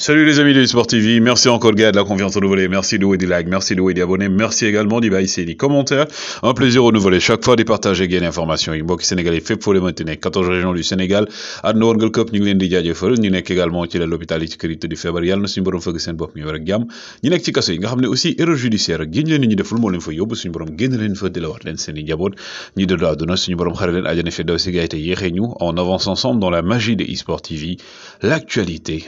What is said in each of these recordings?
Salut les amis de Sport TV, merci encore gars de la confiance renouvelée, merci de vous des merci de vous des merci également du bail et des Un plaisir renouvelé chaque fois de partager gain information yi mbokki Sénégal yi fépp foo leen mënti du Sénégal àdduna warngal këpp ñu ngi leen di jaajëfal ñu la l'hôpital yi ci kër yi tëdd feebar yàlla na suñu borom i njaboot ñi dëddu àdduna avance ensemble dans la magie de Sport TV l'actualité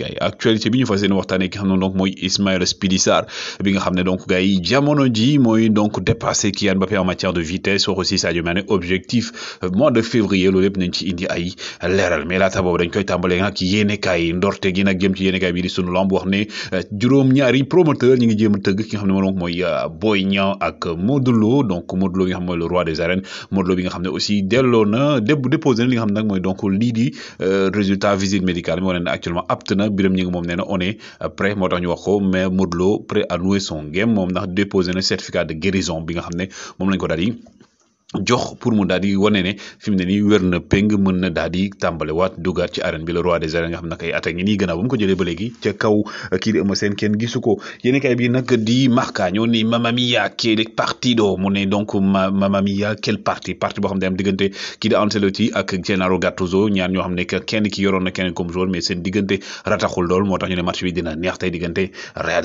kaay actualité bi ñu fas waxtaanee ki xam ne donc mooy Ismaïla Spilissar bi nga xam ne donc gars yi mooy donc dépassé Kylian Mbappé en matière de vitesse wax aussi Sadio Mané objectif euh, mois de février loolu yëpp nañ ci indi ay leeral mais laata boobu dañ koy tàmbalee nag yéene kaay ndorte gi nag jëm ci yéene bi di sunu lamb wax ne euh, juróom-ñaari promoteur ñi a nga xam ne donc mooy euh, Boy Niang déposé na li nga xam ne nag mooy donc lii résultat visite nag Birame Gningue moom nee na on est prêt ko mais Modou Lo prêt son game moom na déposé na certificat de guérison bi nga xam ne moom lañ ko daal jox pour mu daal di wane ne fi mu ne mën na daal di tàmbalewaat dugaat ci arène bi roi des arènes nga xam ne kay at a ngi nii gannaaw ba mu ko jëlee ba léegi ca kaw kii di Eumeu Sène kenn gisu ko yéen kay bi nag di Marca ñoo ni Mamamia quel partido parti parti boo xam ne am diggante kii di Ancelotti ak Gennaro Gattuso ñaar ñoo xam ne kenn ki yoroon na kenn comme joueur mais seen diggante rataxul lool moo tax ñu ne match bi dina neex tey diggante Real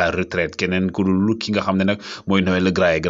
la retraite keneen ki nga xam ne nag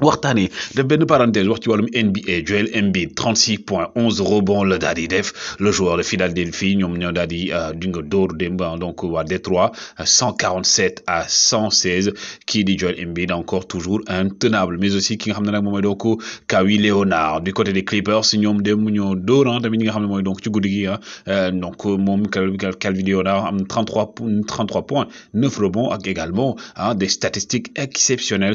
waxtaanee def benn parenthèse wax ci wàllum NBA Joel Embiid 36 points 11 rebonds la daal di def le joueur de Philadelphie ñoom ñoo daal di euh, di nga dóor démb donc waa Détroit 147 à 116 kii di Joel Embiid encore toujours intenable mais ki nga xam ne nag moom mooy donc Kawhi Leonard du côté des Clippers nga xam ne mooy donc ci guddi gi ah donc moom Kawhi Leonard am 33 33 points 9 rebonds ak également ah des statistiques exceptionnelles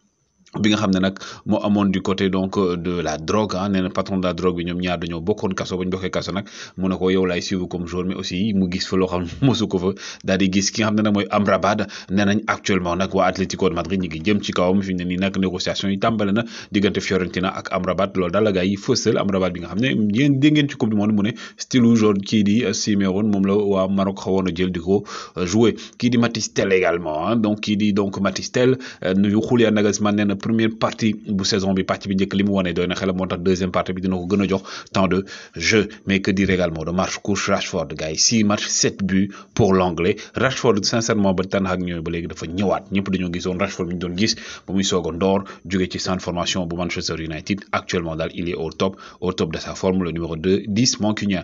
bi xam ne nag moo amoon du côté donc euh, de la drogue ah nee patron de la drogue bi ñoom ñaar dañoo bokkoon kaso ba kaso nag mu ko yow laay suivre jour mais aussi mu gis fa xam mosu ko daal di gis ki nga mu ne nii nag négociation yi tàmbale na diggante Fiorentina ak Amrabat loolu daal la yi fësal Amrabat bi nga xam ne yéen dégg du monde mu ne style jaune kii di euh, Simeone moom la jël di ko euh, jouer kii di Matistel également ah, première partie bu saison bi pàcc bi njëkk li mu doy na xelam moo tax deuxième partie bi dina ko gën jox temps de jeu mais que dire également de Marcus course Rashford gars yi six matchs sept pour l'anglais Rashford sincèrement ba tànn ak ñooy ba léegi dafa ñëwaat ñëpp dañoo gisoon Rashford bi doon gis ba muy soog ndoor jóge ci centre formation bu Manchester United actuellement daal il est au top de sa forme le numéro deux dix mancunien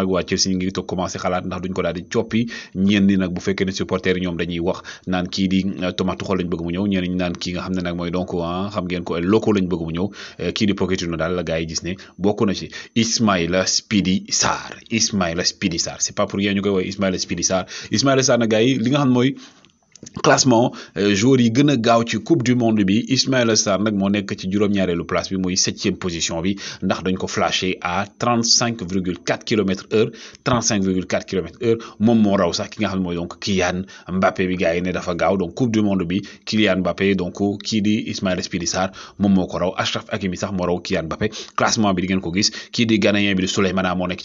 nag waa Chelsea ñu ngi commencé xalaat ndax duñ ko daal di coppi ñeen nag bu fekkee ne supporters ñoom dañuy wax naan kii di euh, lañ bëgg mu ñëw ñeen naan kii nga xam ne nag mooy donc euh, xam ngeen ko Loco lañ bëgg mu ñëw euh, kii di daal la gars yi gis ne bokk ci Ismaïla Spidi Sarr Ismaïla Spidi Sarr c'est li nga xam mooy classement euh, joueurs yi gën gaaw ci coupe du monde bi Ismaïla Sarr nag moo nekk ci juróom-ñaareelu place bi muy septième position bi ndax dañ ko flashé à trente cinq virgule quatre kilomètres heure trente cinq virgule quatre kilomètres heure moom moo raw sax ki nga xam ne mooy donc Kylian bi gars yi ne dafa gaaw donc coupe du monde bi Kylian Mbappé donc kii di Ismaïla Spili Sarr moom moo ko raw Achraf Hakimi sax moo raw Kylian Mbappé classement bi di ko gis kii di ghanéen bi di Souleymana moo nekk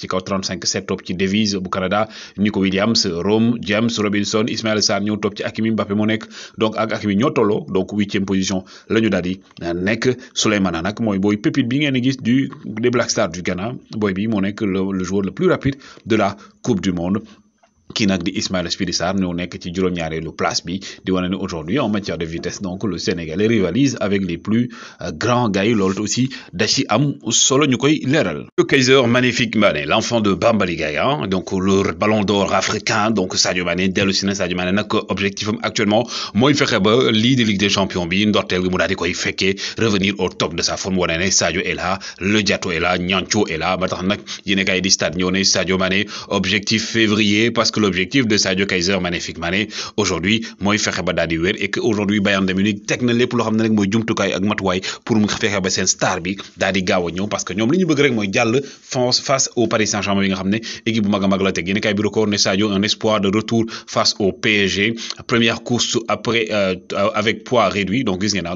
Hakimi Mbappé moo nekk donc ak Hakimi ñoo tolloo donc huitième position la ñu daal di nekk Souleymana nag mooy booy pépite bi ngeen gis du des Black Stars du Ghana booy bi moo nekk le joueur le plus rapide de la coupe du monde. kii nag di Ismaïla Spiri Sarr ñoo nekk ci juróom-ñaareelu place bi di wane aujourd'hui en matière de vitesse donc le Sénégalais rivalise avec les plus euh, grands gars yi loolu aussi da ci am solo ñu koy leeral. le Kaiser Magnifique Mané l'enfant de Bambali Gaïa donc le ballon d'or africain donc Sadio Mané dellu si na Sadio Mané nag objectif am actuellement mooy fexe ba lii di Ligue des Champions bi ndorteel gi mu daal di koy fekkee revenir au top de sa forme wane ne Sadio est là le Diato est ba tax nag yéen a ngi di stade l'objectif de Sadio Kaiser Magnifique Mané aujourd'hui mooy fexe ba daal di wér et que aujourd'hui Bayern de teg na lépp loo xam ne rek mooy jumtukaay ak matuwaay pour mu fexe ba seen star daal di gaaw a ñëw parce que ñoom li ñu bëgg rek mooy jàll France face au Paris Saint-Germain bi nga xam ne équipe bu mag a la teg yéen kay bi ne Sadio un espoir de retour face au PSG première course après euh, avec poids réduit donc gis ngeen ah,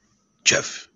Jeff.